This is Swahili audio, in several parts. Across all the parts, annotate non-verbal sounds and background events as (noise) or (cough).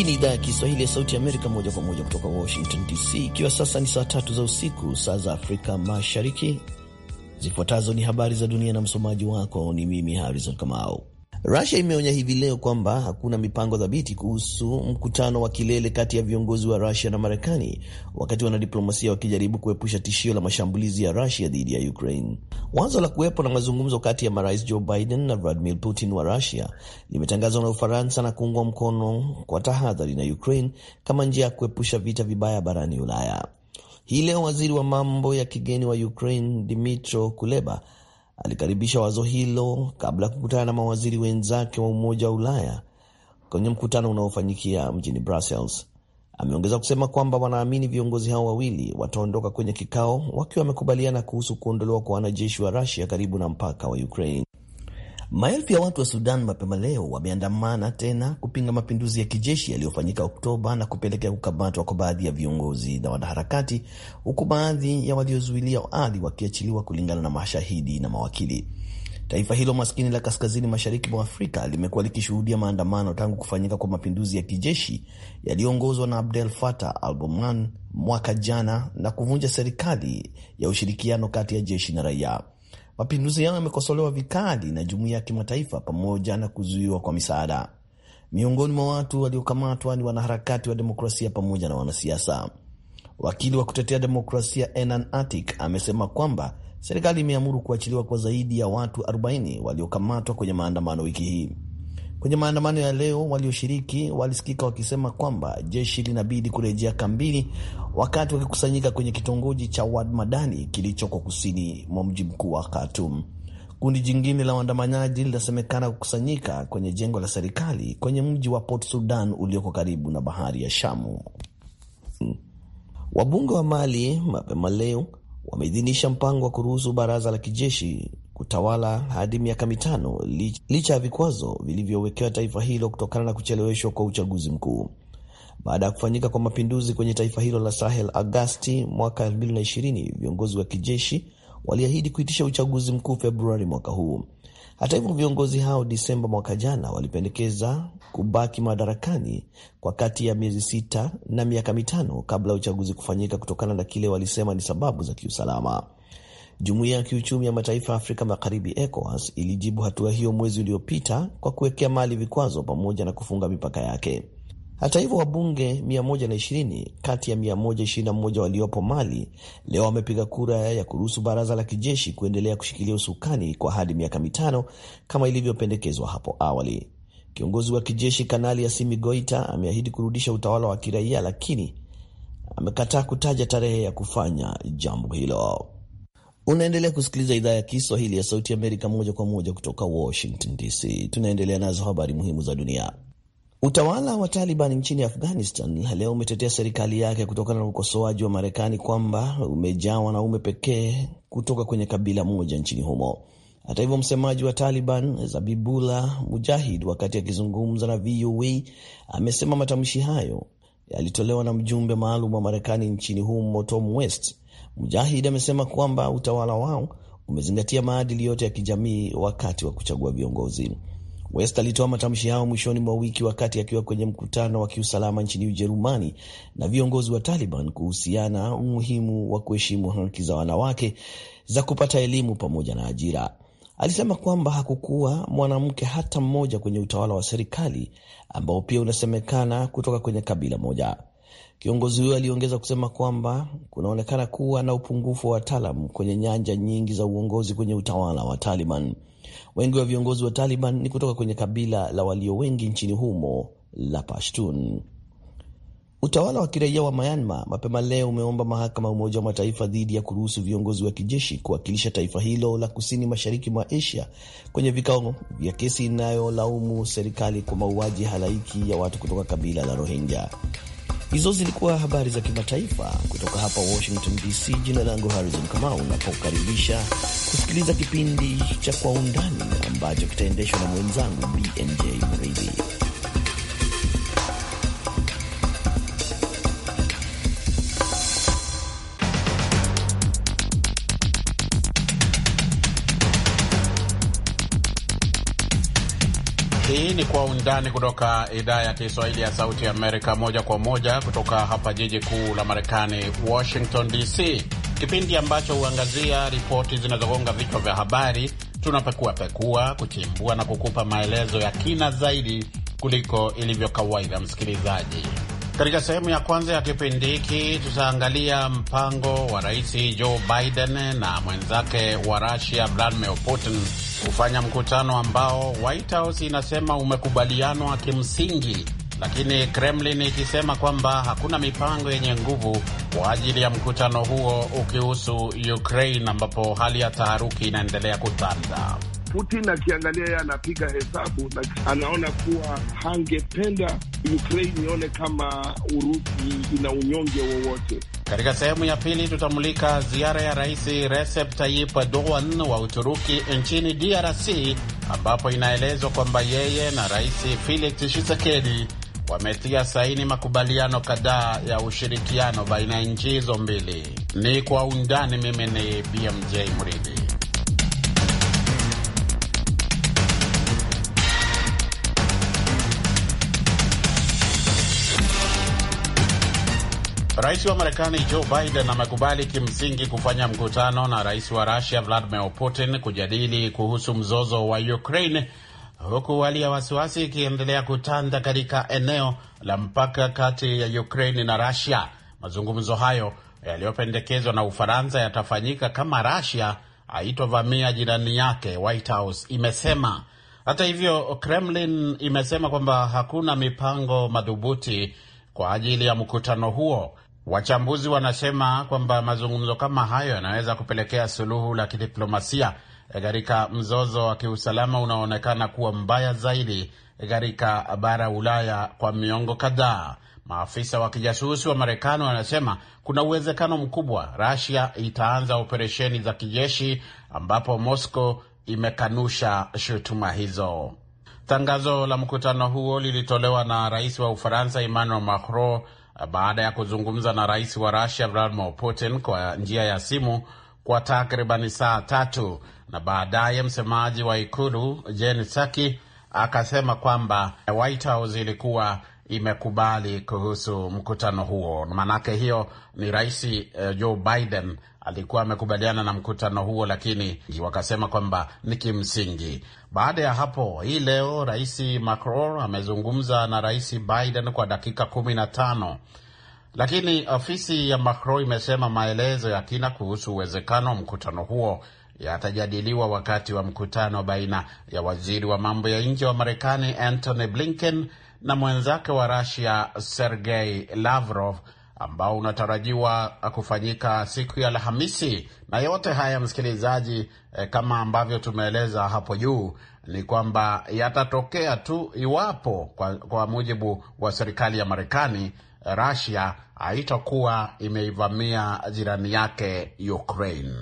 Hii ni idhaa ya Kiswahili ya Sauti Amerika, moja kwa moja kutoka Washington DC, ikiwa sasa ni saa tatu za usiku, saa za Afrika Mashariki. Zifuatazo ni habari za dunia, na msomaji wako ni mimi Harrison Kamau. Rusia imeonya hivi leo kwamba hakuna mipango thabiti kuhusu mkutano wa kilele kati ya viongozi wa Rusia na Marekani, wakati wanadiplomasia wakijaribu kuepusha tishio la mashambulizi ya Rusia dhidi ya Ukraine. Wazo la kuwepo na mazungumzo kati ya marais Joe Biden na Vladimir Putin wa Rusia limetangazwa na Ufaransa na kuungwa mkono kwa tahadhari na Ukraine kama njia ya kuepusha vita vibaya barani Ulaya. Hii leo waziri wa mambo ya kigeni wa Ukraine Dmytro Kuleba alikaribisha wazo hilo kabla ya kukutana na mawaziri wenzake wa Umoja wa Ulaya kwenye mkutano unaofanyikia mjini Brussels. Ameongeza kusema kwamba wanaamini viongozi hao wawili wataondoka kwenye kikao wakiwa wamekubaliana kuhusu kuondolewa kwa wanajeshi wa Rusia karibu na mpaka wa Ukraine. Maelfu ya watu wa Sudan mapema leo wameandamana tena kupinga mapinduzi ya kijeshi yaliyofanyika Oktoba na kupelekea kukamatwa kwa baadhi ya viongozi na wanaharakati, huku baadhi ya waliozuilia ardhi wakiachiliwa, kulingana na mashahidi na mawakili. Taifa hilo maskini la kaskazini mashariki mwa Afrika limekuwa likishuhudia maandamano tangu kufanyika kwa mapinduzi ya kijeshi yaliyoongozwa na Abdel Fattah al-Burhan mwaka jana na kuvunja serikali ya ushirikiano kati ya jeshi na raia. Mapinduzi yao yamekosolewa vikali na jumuiya ya kimataifa pamoja na kuzuiwa kwa misaada. Miongoni mwa watu waliokamatwa ni wanaharakati wa demokrasia pamoja na wanasiasa. Wakili wa kutetea demokrasia Enan Atik amesema kwamba serikali imeamuru kuachiliwa kwa zaidi ya watu 40 waliokamatwa kwenye maandamano wiki hii. Kwenye maandamano ya leo, walioshiriki walisikika wakisema kwamba jeshi linabidi kurejea kambini, wakati wakikusanyika kwenye kitongoji cha Wad Madani kilichoko kusini mwa mji mkuu wa Khartoum. Kundi jingine la waandamanaji linasemekana kukusanyika kwenye jengo la serikali kwenye mji wa Port Sudan ulioko karibu na bahari ya Shamu. Wabunge wa Mali mapema leo wameidhinisha mpango wa kuruhusu baraza la kijeshi kutawala hadi miaka mitano licha ya vikwazo vilivyowekewa taifa hilo kutokana na kucheleweshwa kwa uchaguzi mkuu. Baada ya kufanyika kwa mapinduzi kwenye taifa hilo la Sahel Agasti mwaka 2020, viongozi wa kijeshi waliahidi kuitisha uchaguzi mkuu Februari mwaka huu. Hata hivyo, viongozi hao Disemba mwaka jana walipendekeza kubaki madarakani kwa kati ya miezi sita na miaka mitano kabla ya uchaguzi kufanyika kutokana na kile walisema ni sababu za kiusalama. Jumuiya ya Kiuchumi ya Mataifa ya Afrika Magharibi, ECOWAS, ilijibu hatua hiyo mwezi uliopita kwa kuwekea Mali vikwazo pamoja na kufunga mipaka yake. Hata hivyo, wabunge 120 kati ya 121 waliopo Mali leo wamepiga kura ya kuruhusu baraza la kijeshi kuendelea kushikilia usukani kwa hadi miaka mitano kama ilivyopendekezwa hapo awali. Kiongozi wa kijeshi Kanali Asimi Goita ameahidi kurudisha utawala wa kiraia, lakini amekataa kutaja tarehe ya kufanya jambo hilo. Unaendelea kusikiliza idhaa ya Kiswahili ya Sauti Amerika moja kwa moja kutoka Washington DC. Tunaendelea nazo habari muhimu za dunia. Utawala wa Taliban nchini Afghanistan leo umetetea serikali yake kutokana na ukosoaji wa Marekani kwamba umejaa wanaume pekee kutoka kwenye kabila moja nchini humo. Hata hivyo, msemaji wa Taliban Zabibullah Mujahid, wakati akizungumza na VOA, amesema matamshi hayo yalitolewa na mjumbe maalum wa Marekani nchini humo Tom West Mujahid amesema kwamba utawala wao umezingatia maadili yote ya kijamii wakati wa kuchagua viongozi. West alitoa matamshi yao mwishoni mwa wiki wakati akiwa kwenye mkutano wa kiusalama nchini Ujerumani na viongozi wa Taliban kuhusiana umuhimu wa kuheshimu haki za wanawake za kupata elimu pamoja na ajira. Alisema kwamba hakukuwa mwanamke hata mmoja kwenye utawala wa serikali ambao pia unasemekana kutoka kwenye kabila moja. Kiongozi huyo aliongeza kusema kwamba kunaonekana kuwa na upungufu wa wataalam kwenye nyanja nyingi za uongozi kwenye utawala wa Taliban. Wengi wa viongozi wa Taliban ni kutoka kwenye kabila la walio wengi nchini humo la Pashtun. Utawala wa kiraia wa Myanmar mapema leo umeomba mahakama ya Umoja wa Mataifa dhidi ya kuruhusu viongozi wa kijeshi kuwakilisha taifa hilo la kusini mashariki mwa Asia kwenye vikao vya kesi inayolaumu serikali kwa mauaji halaiki ya watu kutoka kabila la Rohingya. Hizo zilikuwa habari za kimataifa kutoka hapa Washington DC. Jina langu Harrison Kamau, napokaribisha kusikiliza kipindi cha Kwa Undani ambacho kitaendeshwa na mwenzangu BMJ Mridhi. ni Kwa Undani kutoka idhaa ya Kiswahili ya Sauti Amerika, moja kwa moja kutoka hapa jiji kuu la Marekani, Washington DC, kipindi ambacho huangazia ripoti zinazogonga vichwa vya habari. Tunapekuapekua, kuchimbua na kukupa maelezo ya kina zaidi kuliko ilivyo kawaida, msikilizaji. Katika sehemu ya kwanza ya kipindi hiki tutaangalia mpango wa Rais Joe Biden na mwenzake wa Rusia Vladimir Putin kufanya mkutano ambao White House inasema umekubalianwa kimsingi, lakini Kremlin ikisema kwamba hakuna mipango yenye nguvu kwa ajili ya mkutano huo ukihusu Ukraine, ambapo hali ya taharuki inaendelea kutanda. Putin akiangalia yeye anapiga hesabu na anaona kuwa hangependa Ukraine ione kama Urusi ina unyonge wowote. Katika sehemu ya pili tutamulika ziara ya Rais Recep Tayyip Erdogan wa Uturuki nchini DRC ambapo inaelezwa kwamba yeye na Rais Felix Tshisekedi wametia saini makubaliano kadhaa ya ushirikiano baina ya nchi hizo mbili. Ni kwa undani. Mimi ni BMJ Mridhi. Rais wa Marekani Joe Biden amekubali kimsingi kufanya mkutano na rais wa Rusia Vladimir Putin kujadili kuhusu mzozo wa Ukraine, huku hali ya wasiwasi ikiendelea kutanda katika eneo la mpaka kati ya Ukraine na Rusia. Mazungumzo hayo yaliyopendekezwa na Ufaransa yatafanyika kama Rusia haitovamia jirani yake, White House imesema. Hata hivyo, Kremlin imesema kwamba hakuna mipango madhubuti kwa ajili ya mkutano huo. Wachambuzi wanasema kwamba mazungumzo kama hayo yanaweza kupelekea suluhu la kidiplomasia katika mzozo wa kiusalama unaoonekana kuwa mbaya zaidi katika bara Ulaya kwa miongo kadhaa. Maafisa wa kijasusi wa Marekani wanasema kuna uwezekano mkubwa Russia itaanza operesheni za kijeshi, ambapo Moscow imekanusha shutuma hizo. Tangazo la mkutano huo lilitolewa na rais wa Ufaransa Emmanuel Macron baada ya kuzungumza na rais wa Russia Vladimir Putin kwa njia ya simu kwa takribani saa tatu, na baadaye msemaji wa ikulu Jen Psaki akasema kwamba White House ilikuwa imekubali kuhusu mkutano huo. Maanake hiyo ni Rais eh, Joe Biden alikuwa amekubaliana na mkutano huo, lakini wakasema kwamba ni kimsingi. Baada ya hapo, hii leo Rais Macron amezungumza na Rais Biden kwa dakika kumi na tano lakini ofisi ya Macron imesema maelezo ya kina kuhusu uwezekano wa mkutano huo yatajadiliwa wakati wa mkutano baina ya waziri wa mambo ya nje wa Marekani Antony Blinken na mwenzake wa Rasia Sergei Lavrov ambao unatarajiwa kufanyika siku ya Alhamisi. Na yote haya msikilizaji, eh, kama ambavyo tumeeleza hapo juu ni kwamba yatatokea tu iwapo kwa, kwa mujibu wa serikali ya Marekani Rasia haitakuwa imeivamia jirani yake Ukraine.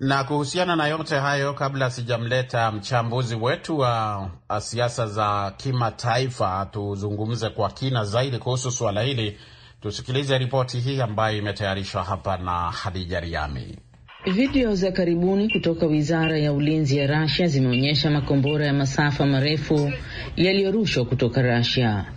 Na kuhusiana na yote hayo, kabla sijamleta mchambuzi wetu wa siasa za kimataifa tuzungumze kwa kina zaidi kuhusu suala hili, tusikilize ripoti hii ambayo imetayarishwa hapa na Hadija Riami. Video za karibuni kutoka wizara ya ulinzi ya Rasia zimeonyesha makombora ya masafa marefu yaliyorushwa kutoka Rasia.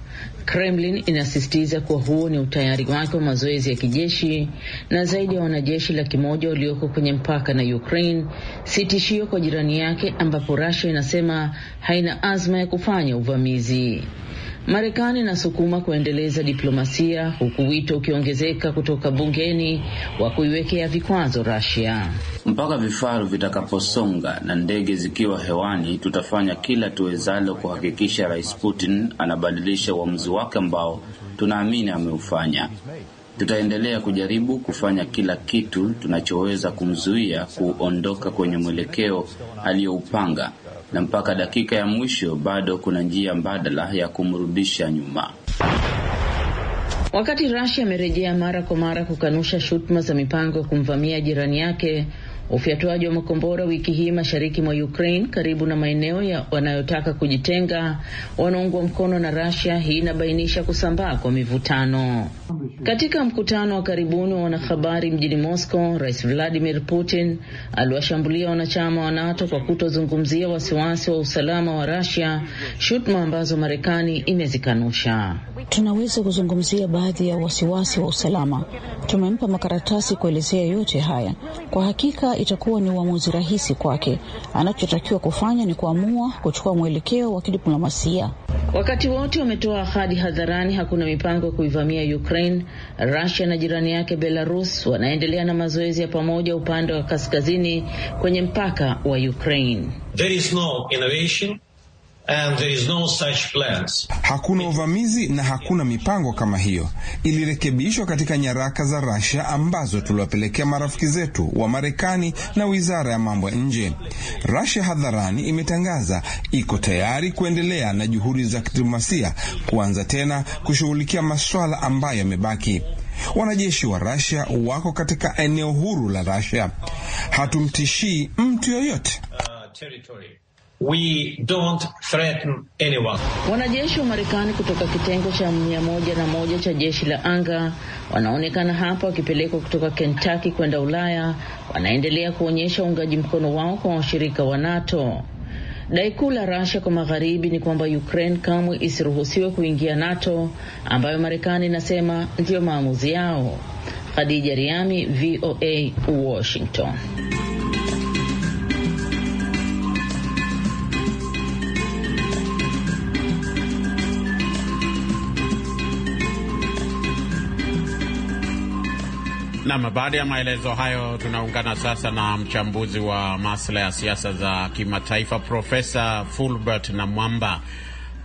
Kremlin inasisitiza kuwa huo ni utayari wake wa mazoezi ya kijeshi, na zaidi ya wanajeshi laki moja walioko kwenye mpaka na Ukraine si tishio kwa jirani yake, ambapo Russia inasema haina azma ya kufanya uvamizi. Marekani inasukuma kuendeleza diplomasia huku wito ukiongezeka kutoka bungeni wa kuiwekea vikwazo Russia. Mpaka vifaru vitakaposonga na ndege zikiwa hewani, tutafanya kila tuwezalo kuhakikisha Rais Putin anabadilisha uamuzi wake ambao tunaamini ameufanya. Tutaendelea kujaribu kufanya kila kitu tunachoweza kumzuia kuondoka kwenye mwelekeo aliyoupanga na mpaka dakika ya mwisho bado kuna njia mbadala ya kumrudisha nyuma. Wakati Rasia amerejea mara kwa mara kukanusha shutuma za mipango ya kumvamia jirani yake Ufyatuaji wa makombora wiki hii mashariki mwa Ukraine karibu na maeneo wanayotaka kujitenga wanaungwa mkono na Russia. Hii inabainisha kusambaa kwa mivutano. Katika mkutano wa karibuni wa wanahabari mjini Moscow, Rais Vladimir Putin aliwashambulia wanachama wa NATO kwa kutozungumzia wasiwasi wa usalama wa Russia, shutuma ambazo Marekani imezikanusha. Tunaweza kuzungumzia baadhi ya wasiwasi wa usalama. Tumempa makaratasi kuelezea yote haya. Kwa hakika itakuwa ni uamuzi rahisi kwake. Anachotakiwa kufanya ni kuamua kuchukua mwelekeo wa kidiplomasia. Wakati wote wametoa ahadi hadharani, hakuna mipango ya kuivamia Ukraine. Russia na jirani yake Belarus wanaendelea na mazoezi ya pamoja upande wa kaskazini kwenye mpaka wa Ukraine. There is no innovation. And there is no such plans. Hakuna uvamizi na hakuna mipango kama hiyo. Ilirekebishwa katika nyaraka za Russia ambazo tuliwapelekea marafiki zetu wa Marekani na Wizara ya Mambo ya Nje. Russia hadharani imetangaza iko tayari kuendelea na juhudi za kidiplomasia kuanza tena kushughulikia masuala ambayo yamebaki. Wanajeshi wa Russia wako katika eneo huru la Russia. Hatumtishii mtu yoyote. Uh, We don't threaten anyone. Wanajeshi wa Marekani kutoka kitengo cha mia moja na moja cha jeshi la anga wanaonekana hapa wakipelekwa kutoka Kentucky kwenda Ulaya, wanaendelea kuonyesha uungaji mkono wao kwa washirika wa NATO. Dai kuu la Russia kwa magharibi ni kwamba Ukraine kamwe isiruhusiwe kuingia NATO, ambayo Marekani inasema ndiyo maamuzi yao. Khadija Riami, VOA, Washington. Nam, baada ya maelezo hayo, tunaungana sasa na mchambuzi wa masuala ya siasa za kimataifa Profesa Fulbert na Mwamba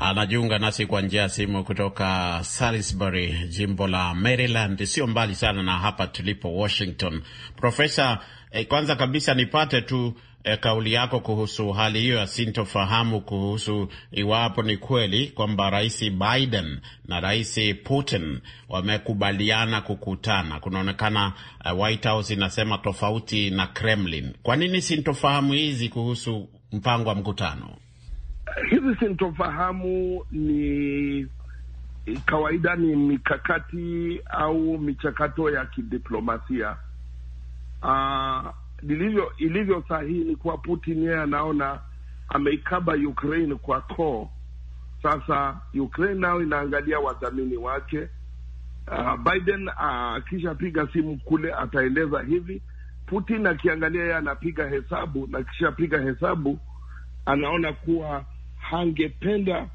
anajiunga nasi kwa njia ya simu kutoka Salisbury, jimbo la Maryland, sio mbali sana na hapa tulipo Washington. Profesa, eh, kwanza kabisa nipate tu e, kauli yako kuhusu hali hiyo ya sintofahamu kuhusu iwapo ni kweli kwamba Rais Biden na Rais Putin wamekubaliana kukutana. Kunaonekana uh, White House inasema tofauti na Kremlin. Kwa nini sintofahamu hizi kuhusu mpango wa mkutano? Hizi sintofahamu ni kawaida, ni mikakati au michakato ya kidiplomasia. Uh, ilivyo ilivyo sahihi ni kuwa Putin yeye anaona ameikaba Ukraine kwa koo. Sasa Ukraine nayo inaangalia wadhamini wake. Uh, Biden akishapiga ah, uh, simu kule ataeleza hivi. Putin akiangalia yeye anapiga hesabu, na akishapiga hesabu anaona kuwa hangependa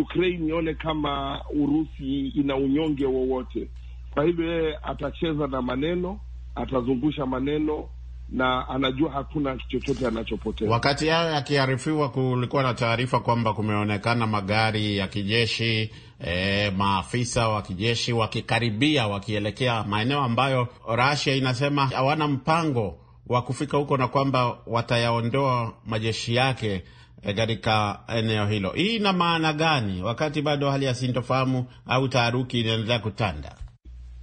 Ukraine ione kama Urusi ina unyonge wowote. Kwa hivyo yeye atacheza na maneno, atazungusha maneno na anajua hakuna chochote anachopoteza. Wakati hayo yakiharifiwa, kulikuwa na taarifa kwamba kumeonekana magari ya kijeshi e, maafisa wa kijeshi wakikaribia, wakielekea maeneo ambayo Russia inasema hawana mpango wa kufika huko na kwamba watayaondoa majeshi yake eh, katika eneo hilo. Hii ina maana gani, wakati bado hali ya sintofahamu au taharuki inaendelea kutanda?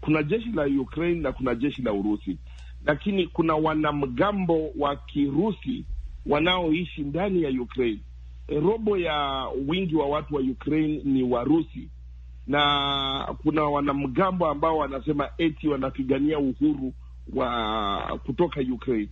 Kuna jeshi la Ukraine na kuna jeshi la Urusi lakini kuna wanamgambo wa Kirusi wanaoishi ndani ya Ukraine. E, robo ya wingi wa watu wa Ukraine ni Warusi, na kuna wanamgambo ambao wanasema eti wanapigania uhuru wa kutoka Ukraine.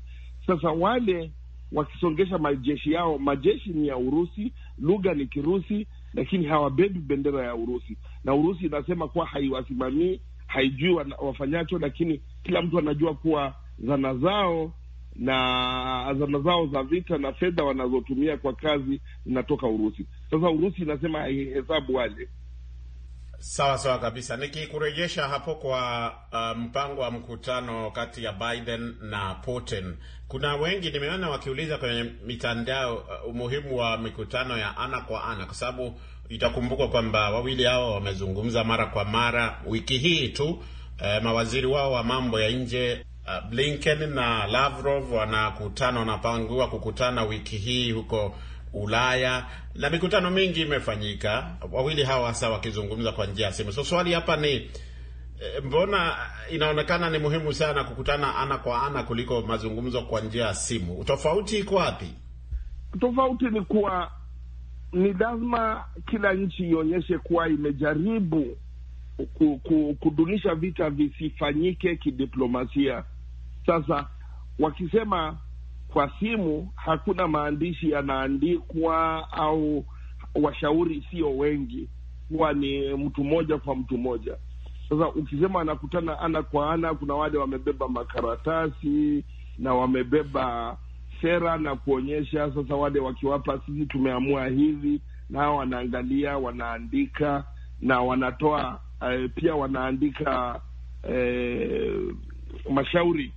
Sasa wale wakisongesha majeshi yao, majeshi ni ya Urusi, lugha ni Kirusi, lakini hawabebi bendera ya Urusi, na Urusi inasema kuwa haiwasimamii, haijui wafanyacho, lakini kila mtu anajua kuwa zana zao na zana zao za vita na fedha wanazotumia kwa kazi zinatoka Urusi. Sasa Urusi inasema haihesabu wale. Sawa sawa kabisa. Nikikurejesha hapo kwa uh, mpango wa mkutano kati ya Biden na Putin, kuna wengi nimeona wakiuliza kwenye mitandao uh, umuhimu wa mikutano ya ana kwa ana, kwa sababu itakumbukwa kwamba wawili hao wamezungumza mara kwa mara wiki hii tu. Eh, mawaziri wao wa mambo ya nje Uh, Blinken na Lavrov wanakutana, wanapangiwa kukutana wiki hii huko Ulaya na mikutano mingi imefanyika, wawili hawa hasa wakizungumza kwa njia ya simu. So swali hapa ni eh, mbona inaonekana ni muhimu sana kukutana ana kwa ana kuliko mazungumzo kwa njia ya simu? Tofauti iko wapi? Tofauti ni kuwa ni lazima kila nchi ionyeshe kuwa imejaribu kudunisha vita visifanyike kidiplomasia sasa wakisema kwa simu, hakuna maandishi yanaandikwa au washauri sio wengi, huwa ni mtu mmoja kwa mtu mmoja. Sasa ukisema anakutana ana kwa ana, kuna wale wamebeba makaratasi na wamebeba sera na kuonyesha. Sasa wale wakiwapa, sisi tumeamua hivi, na hao wanaangalia, wanaandika na wanatoa eh, pia wanaandika eh, mashauri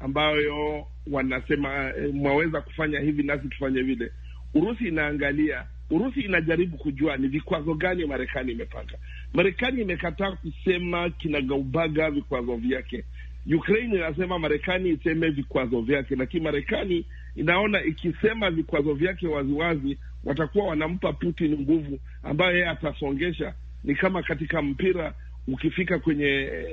ambayo wanasema eh, mwaweza kufanya hivi nasi tufanye vile. Urusi inaangalia, Urusi inajaribu kujua ni vikwazo gani Marekani imepanga. Marekani imekataa kusema kinagaubaga vikwazo vyake. Ukraine inasema Marekani iseme vikwazo vyake, lakini Marekani inaona ikisema vikwazo vyake waziwazi watakuwa wanampa Putin nguvu ambayo yeye atasongesha. Ni kama katika mpira, ukifika kwenye eh,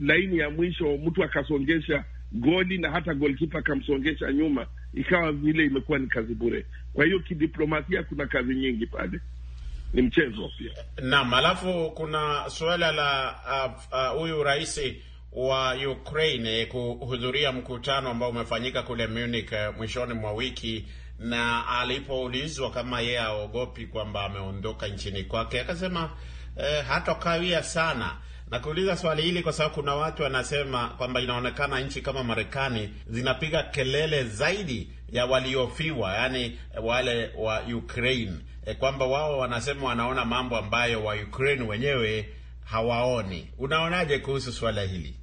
laini ya mwisho mtu akasongesha goli na hata golkipa akamsongesha nyuma, ikawa vile imekuwa ni kazi bure. Kwa hiyo kidiplomasia, kuna kazi nyingi pale, ni mchezo pia. Naam, alafu kuna suala la huyu uh, uh, rais wa Ukraine kuhudhuria mkutano ambao umefanyika kule Munich uh, mwishoni mwa wiki, na alipoulizwa kama yeye aogopi kwamba ameondoka nchini kwake, akasema eh, hatokawia sana Nakuuliza swali hili kwa sababu kuna watu wanasema kwamba inaonekana nchi kama Marekani zinapiga kelele zaidi ya waliofiwa, yaani wale wa Ukraine, e, kwamba wao wanasema wanaona mambo ambayo wa Ukraine wenyewe hawaoni. Unaonaje kuhusu swala hili?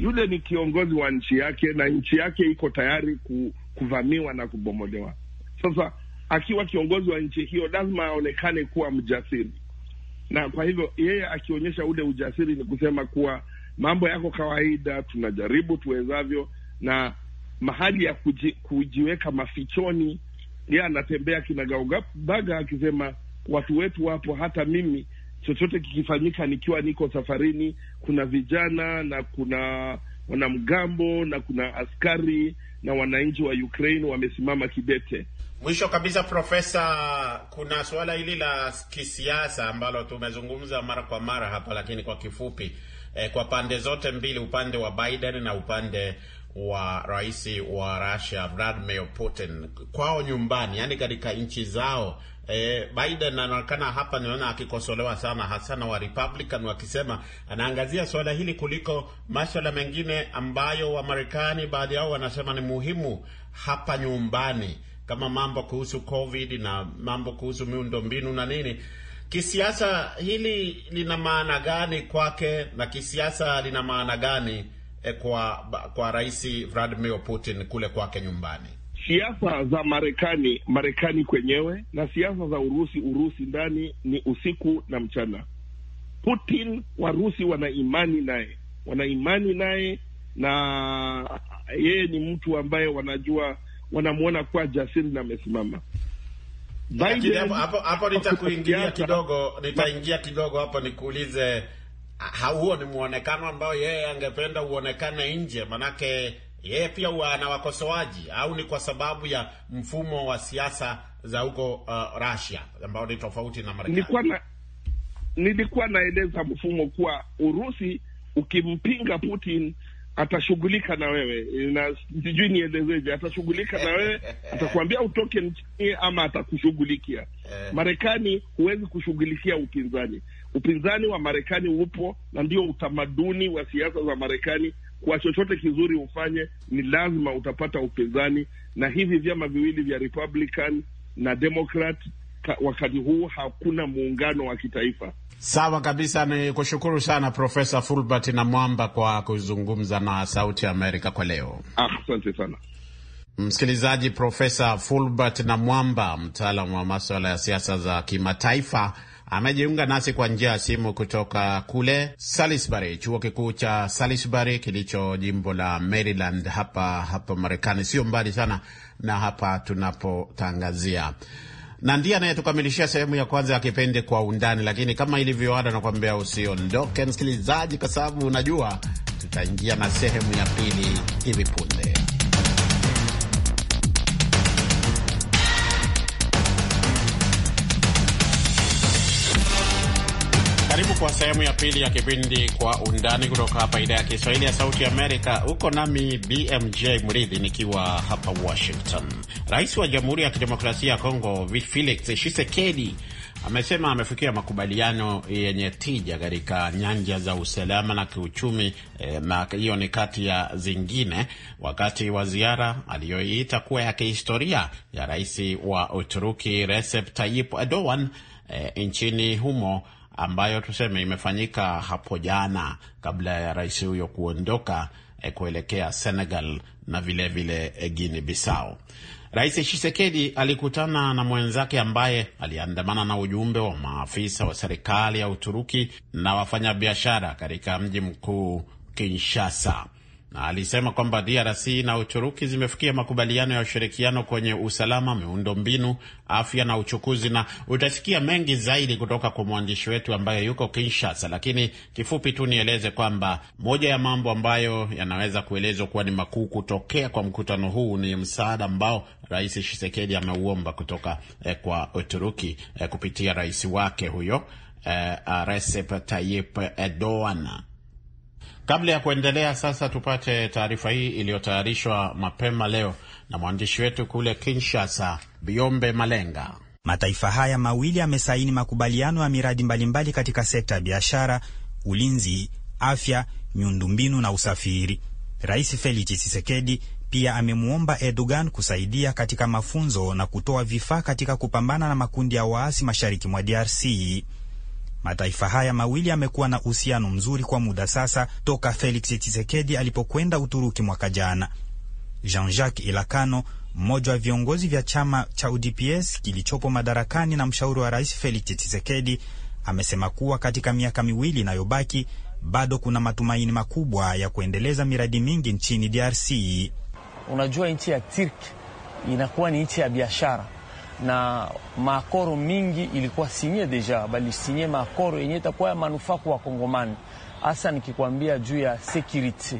Yule ni kiongozi wa nchi yake na nchi yake iko tayari ku, kuvamiwa na kubomolewa. Sasa akiwa kiongozi wa nchi hiyo lazima aonekane kuwa mjasiri na kwa hivyo yeye akionyesha ule ujasiri ni kusema kuwa mambo yako kawaida, tunajaribu tuwezavyo, na mahali ya kuji, kujiweka mafichoni, yeye anatembea kinagaubaga akisema watu wetu wapo, hata mimi chochote kikifanyika nikiwa niko safarini, kuna vijana na kuna wanamgambo na kuna askari na wananchi wa Ukraine wamesimama kidete. Mwisho kabisa, Profesa, kuna suala hili la kisiasa ambalo tumezungumza mara kwa mara hapa, lakini kwa kifupi eh, kwa pande zote mbili, upande wa Biden na upande wa rais wa Russia Vladimir Putin, kwao nyumbani, yani katika nchi zao eh, Biden anaonekana hapa, niona akikosolewa sana, hasa na wa Republican wakisema anaangazia suala hili kuliko maswala mengine ambayo Wamarekani baadhi yao wanasema ni muhimu hapa nyumbani, kama mambo kuhusu COVID na mambo kuhusu miundombinu na nini. Kisiasa hili lina maana gani kwake, na kisiasa lina maana gani eh, kwa, kwa Rais Vladimir Putin kule kwake nyumbani? siasa za Marekani, Marekani kwenyewe na siasa za Urusi, Urusi ndani ni usiku na mchana. Putin, Warusi wana imani naye, wana imani naye na yeye ni mtu ambaye wanajua wanamwona kuwa jasiri na amesimama. Hapo hapo nitakuingilia kidogo, nitaingia kidogo hapo nikuulize, huo ni mwonekano ambao yeye angependa uonekane nje, manake yeye pia ana wakosoaji au ni kwa sababu ya mfumo wa siasa za huko uh, Russia ambao ni tofauti na Marekani? Nilikuwa na, nilikuwa naeleza mfumo kuwa Urusi ukimpinga Putin atashughulika na wewe na sijui nielezeje, atashughulika na wewe, (laughs) atakuambia utoke nchini ama atakushughulikia. Eh. Marekani huwezi kushughulikia upinzani. Upinzani wa Marekani upo na ndio utamaduni wa siasa za Marekani kwa chochote kizuri ufanye, ni lazima utapata upinzani, na hivi vyama viwili vya Republican na Democrat wakati huu hakuna muungano wa kitaifa. Sawa kabisa, ni kushukuru sana Profesa Fulbert na Mwamba kwa kuzungumza na Sauti ya Amerika kwa leo. Asante ah, sana msikilizaji. Profesa Fulbert na Mwamba, mtaalamu wa maswala ya siasa za kimataifa amejiunga nasi kwa njia ya simu kutoka kule Salisbury, chuo kikuu cha Salisbury kilicho jimbo la Maryland hapa hapa Marekani, sio mbali sana na hapa tunapotangazia na ndiye anayetukamilishia sehemu ya kwanza ya kipindi Kwa Undani. Lakini kama ilivyoada, nakwambia usiondoke msikilizaji, kwa sababu unajua tutaingia na sehemu ya pili hivi punde. Karibu kwa sehemu ya pili ya kipindi Kwa Undani kutoka hapa idhaa ya Kiswahili ya Sauti Amerika. Uko nami BMJ Mridhi nikiwa hapa Washington. Rais wa Jamhuri ya Kidemokrasia ya Kongo Felix Tshisekedi amesema amefikia makubaliano yenye tija katika nyanja za usalama na kiuchumi, eh, na hiyo ni kati ya zingine, wakati wa ziara aliyoiita kuwa ya kihistoria ya rais wa Uturuki Recep Tayyip Erdogan e, nchini humo ambayo tuseme imefanyika hapo jana kabla ya rais huyo kuondoka eh, kuelekea Senegal na vilevile vile eh, Guinea Bissau. Rais Tshisekedi alikutana na mwenzake ambaye aliandamana na ujumbe wa maafisa wa serikali ya Uturuki na wafanyabiashara katika mji mkuu Kinshasa na alisema kwamba DRC na Uturuki zimefikia makubaliano ya ushirikiano kwenye usalama, mbinu, afya na uchukuzi. Na utasikia mengi zaidi kutoka kwa mwandishi wetu ambaye yuko Kinshasa, lakini kifupi tu nieleze kwamba moja ya mambo ambayo yanaweza kuelezwa kuwa ni makuu kutokea kwa mkutano huu ni msaada ambao Rais Tshisekedi ameuomba kutoka eh, kwa Uturuki eh, kupitia rais wake huyo eh, Recep Tayyip Erdogan Kabla ya kuendelea sasa, tupate taarifa hii iliyotayarishwa mapema leo na mwandishi wetu kule Kinshasa, Biombe Malenga. Mataifa haya mawili yamesaini makubaliano ya miradi mbalimbali katika sekta ya biashara, ulinzi, afya, miundombinu na usafiri. Rais Felix Tshisekedi pia amemwomba Erdogan kusaidia katika mafunzo na kutoa vifaa katika kupambana na makundi ya waasi mashariki mwa DRC. Mataifa haya mawili yamekuwa na uhusiano mzuri kwa muda sasa toka Felix Tshisekedi alipokwenda Uturuki mwaka jana. Jean-Jacques Ilakano, mmoja wa viongozi vya chama cha UDPS kilichopo madarakani na mshauri wa rais Felix Tshisekedi, amesema kuwa katika miaka miwili inayobaki bado kuna matumaini makubwa ya kuendeleza miradi mingi nchini DRC. Unajua, nchi ya Tirk inakuwa ni nchi ya biashara na makoro mingi ilikuwa sinye deja, bali sinye makoro yenye itakuwa ya manufaa kwa Kongomani, hasa nikikwambia juu ya security.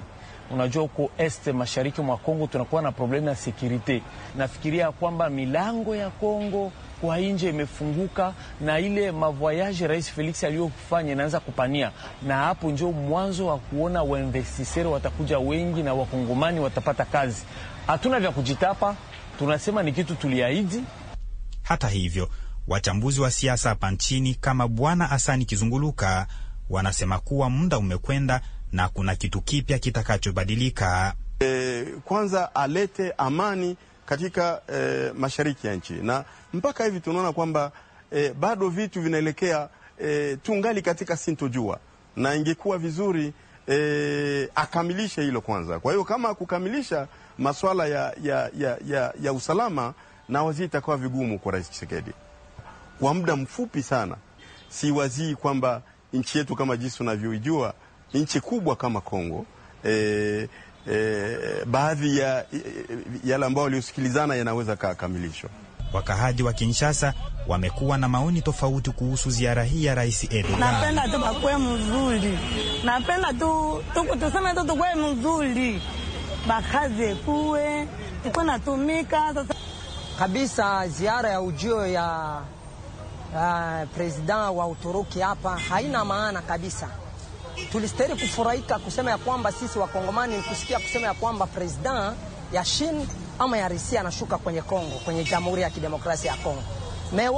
Unajua, huko este mashariki mwa Kongo tunakuwa na problemu ya security. Nafikiria kwamba milango ya Kongo kwa nje imefunguka na ile mavoyaje Rais Felix aliyofanya inaanza kupania, na hapo ndio mwanzo wa kuona wainvestiseri watakuja wengi na wakongomani watapata kazi. Hatuna vya kujitapa, tunasema ni kitu tuliahidi hata hivyo, wachambuzi wa siasa hapa nchini kama Bwana Asani Kizunguluka wanasema kuwa muda umekwenda na kuna kitu kipya kitakachobadilika. E, kwanza alete amani katika e, mashariki ya nchi, na mpaka hivi tunaona kwamba e, bado vitu vinaelekea e, tungali katika sintojua, na ingekuwa vizuri e, akamilishe hilo kwanza. Kwa hiyo kama kukamilisha masuala ya, ya, ya, ya, ya usalama na waziri itakuwa vigumu kwa Rais chisekedi kwa muda mfupi sana. Si wazii kwamba nchi yetu kama jinsi unavyoijua nchi kubwa kama Kongo e, e, baadhi ya e, e, yale ambayo waliosikilizana yanaweza kakamilishwa. Wakahaji wa Kinshasa wamekuwa na maoni tofauti kuhusu ziara hii ya Rais Erdogan. Napenda tu bakwe mzuri, napenda tu tukutuseme tu tukwe mzuri, bakaze kuwe iko natumika sasa kabisa ziara ya ujio ya uh, president wa Uturuki hapa haina maana kabisa. Tulistahili kufurahika kusema ya kwamba sisi wakongomani kusikia kusema ya kwamba president Shin ama ya Yarisi anashuka kwenye Kongo, kwenye Jamhuri ya Kidemokrasia ya Kongo.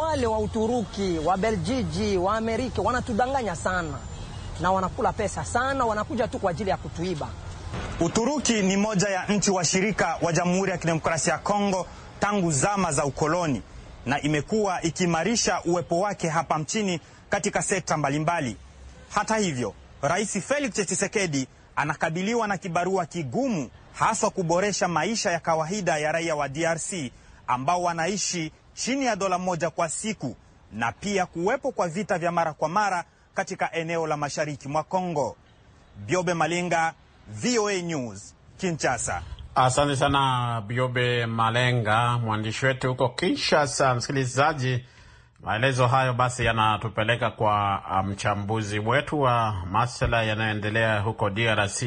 wale wa Uturuki, wa Beljiji, wa Amerika wanatudanganya sana na wanakula pesa sana, wanakuja tu kwa ajili ya kutuiba. Uturuki ni moja ya nchi washirika wa Jamhuri ya Kidemokrasia ya Kongo tangu zama za ukoloni na imekuwa ikiimarisha uwepo wake hapa mchini katika sekta mbalimbali. Hata hivyo, Rais Felix Tshisekedi anakabiliwa na kibarua kigumu, haswa kuboresha maisha ya kawaida ya raia wa DRC ambao wanaishi chini ya dola moja kwa siku na pia kuwepo kwa vita vya mara kwa mara katika eneo la mashariki mwa Kongo. Biobe malinga VOA News, Kinshasa. Asante sana Biobe Malenga, mwandishi wetu huko Kinshasa. Msikilizaji, maelezo hayo basi yanatupeleka kwa ah, mchambuzi wetu wa masuala yanayoendelea huko DRC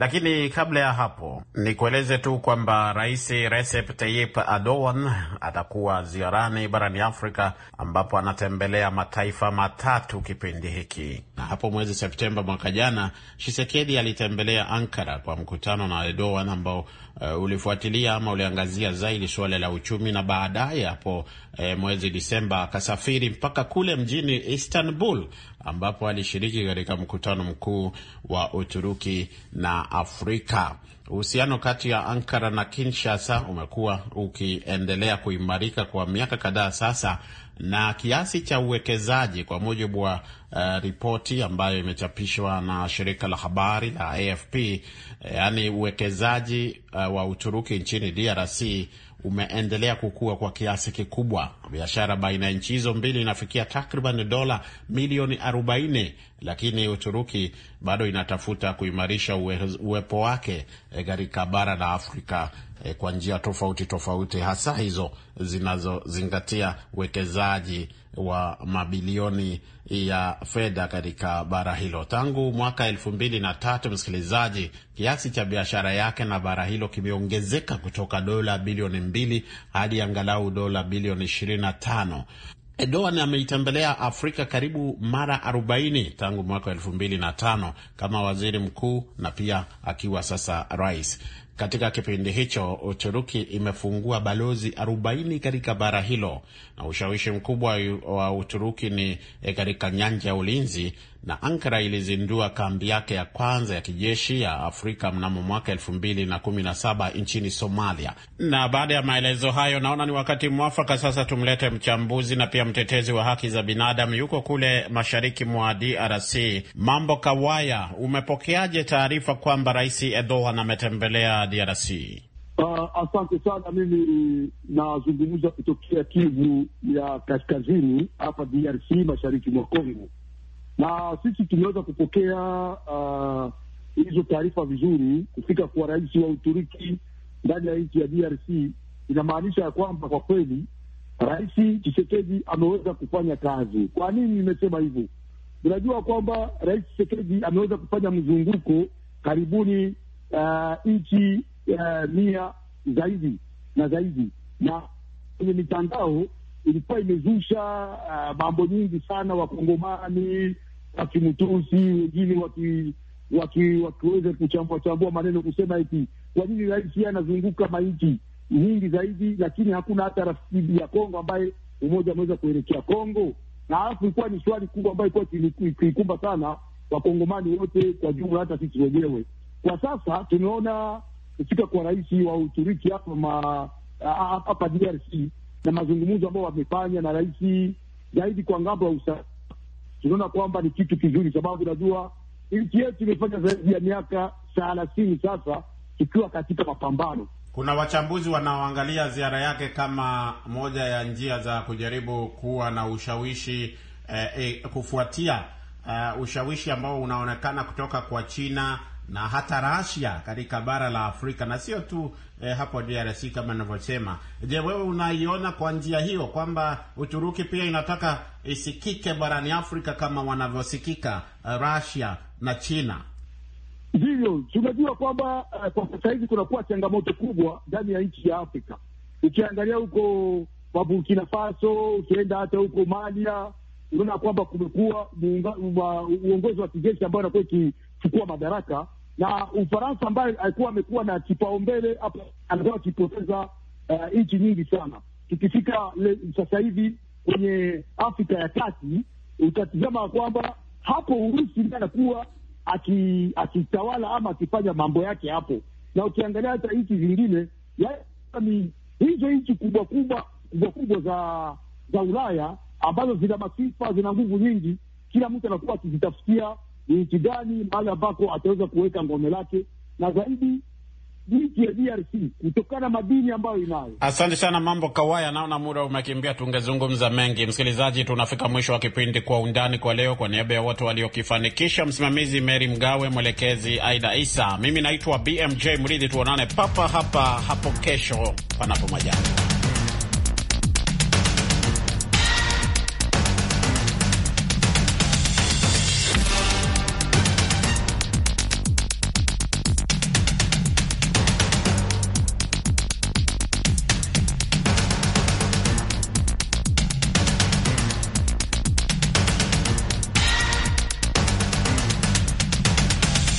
lakini kabla ya hapo nikueleze tu kwamba Rais Recep Tayyip Erdogan atakuwa ziarani barani Afrika ambapo anatembelea mataifa matatu kipindi hiki. Na hapo mwezi Septemba mwaka jana, Shisekedi alitembelea Ankara kwa mkutano na Erdogan ambao uh, ulifuatilia ama uliangazia zaidi suala la uchumi, na baadaye hapo uh, mwezi Disemba akasafiri mpaka kule mjini Istanbul ambapo alishiriki katika mkutano mkuu wa Uturuki na Afrika. Uhusiano kati ya Ankara na Kinshasa umekuwa ukiendelea kuimarika kwa miaka kadhaa sasa, na kiasi cha uwekezaji kwa mujibu wa uh, ripoti ambayo imechapishwa na shirika la habari la AFP, eh, yaani uwekezaji uh, wa Uturuki nchini DRC umeendelea kukua kwa kiasi kikubwa. Biashara baina ya nchi hizo mbili inafikia takriban dola milioni 40, lakini Uturuki bado inatafuta kuimarisha uwepo wake eh, katika bara la Afrika e, kwa njia tofauti tofauti, hasa hizo zinazozingatia uwekezaji wa mabilioni ya fedha katika bara hilo. Tangu mwaka elfu mbili na tatu, msikilizaji, kiasi cha biashara yake na bara hilo kimeongezeka kutoka dola bilioni mbili hadi angalau dola bilioni ishirini na tano. Erdogan ameitembelea Afrika karibu mara 40 tangu mwaka tano kama waziri mkuu na pia akiwa sasa rais. Katika kipindi hicho Uturuki imefungua balozi 40 katika bara hilo, na ushawishi mkubwa wa Uturuki ni eh, katika nyanja ya ulinzi, na Ankara ilizindua kambi yake ya kwanza ya kijeshi ya Afrika mnamo mwaka 2017 nchini Somalia. Na baada ya maelezo hayo, naona ni wakati mwafaka sasa tumlete mchambuzi na pia mtetezi wa haki za binadamu, yuko kule mashariki mwa DRC, Mambo Kawaya. Umepokeaje taarifa kwamba Rais Erdogan ametembelea DRC? Uh, asante sana. Mimi nazungumza kutokea Kivu ya kaskazini hapa DRC, mashariki mwa Kongo, na sisi tumeweza kupokea ah, hizo uh, taarifa vizuri. Kufika kwa rais wa Uturuki ndani ya nchi ya DRC inamaanisha ya kwamba kwa kweli rais Tshisekedi ameweza kufanya kazi. Kwa nini nimesema hivyo? Tunajua kwamba rais chisekedi ameweza kufanya mzunguko karibuni uh, nchi uh, mia zaidi na zaidi, na kwenye mitandao ilikuwa imezusha uh, mambo nyingi sana, wakongomani wakimutusi wengine waki wakiweza kuchambua chambua maneno kusema eti kwa nini rais yeye anazunguka manchi nyingi zaidi, lakini hakuna hata rafiki ya Kongo ambaye umoja ameweza kuelekea Kongo. Na alafu ilikuwa ni swali kubwa ambayo ilikuwa ikiikumba sana wakongomani wote kwa jumla, hata sisi wenyewe kwa sasa tumeona kufika kwa rais wa Uturuki hapa hapa DRC na mazungumzo ambayo wamefanya na rais zaidi kwa ngambo ya usalama, tunaona kwamba ni kitu kizuri, sababu najua nchi yetu imefanya zaidi ya miaka thelathini sasa ikiwa katika mapambano. Kuna wachambuzi wanaoangalia ziara yake kama moja ya njia za kujaribu kuwa na ushawishi eh, eh, kufuatia eh, ushawishi ambao unaonekana kutoka kwa China na hata Russia katika bara la Afrika na sio tu eh, hapo DRC kama ninavyosema. Je, wewe unaiona kwa njia hiyo kwamba Uturuki pia inataka isikike barani Afrika kama wanavyosikika uh, Russia na China? Ndivyo tunajua kwamba uh, kwa sasa hivi kunakuwa changamoto kubwa ndani ya nchi ya Afrika. Ukiangalia huko kwa Burkina Faso, ukienda hata huko Malia, unaona kwamba kumekuwa uongozi wa kijeshi ambayo unakuwa ikichukua madaraka na Ufaransa ambaye alikuwa amekuwa na kipaumbele hapa, amekuwa akipoteza uh, nchi nyingi sana. Tukifika sasa hivi kwenye Afrika ya Kati, utatizama kwamba hapo Urusi ndiye anakuwa akitawala ama akifanya mambo yake hapo, na ukiangalia hata nchi zingine ni hizo nchi kubwa kubwa kubwa kubwa za za Ulaya ambazo zina masifa, zina nguvu nyingi, kila mtu anakuwa akizitafutia ni nchi gani mahali ambako ataweza kuweka ngome lake na zaidi nchi ya DRC kutokana na madini ambayo inayo. Asante sana Mambo Kawaya, naona muda umekimbia, tungezungumza mengi. Msikilizaji, tunafika mwisho wa kipindi Kwa Undani kwa leo. Kwa niaba ya wote waliokifanikisha, msimamizi Meri Mgawe, mwelekezi Aida Isa, mimi naitwa BMJ Mridhi. Tuonane papa hapa hapo kesho, panapo majani.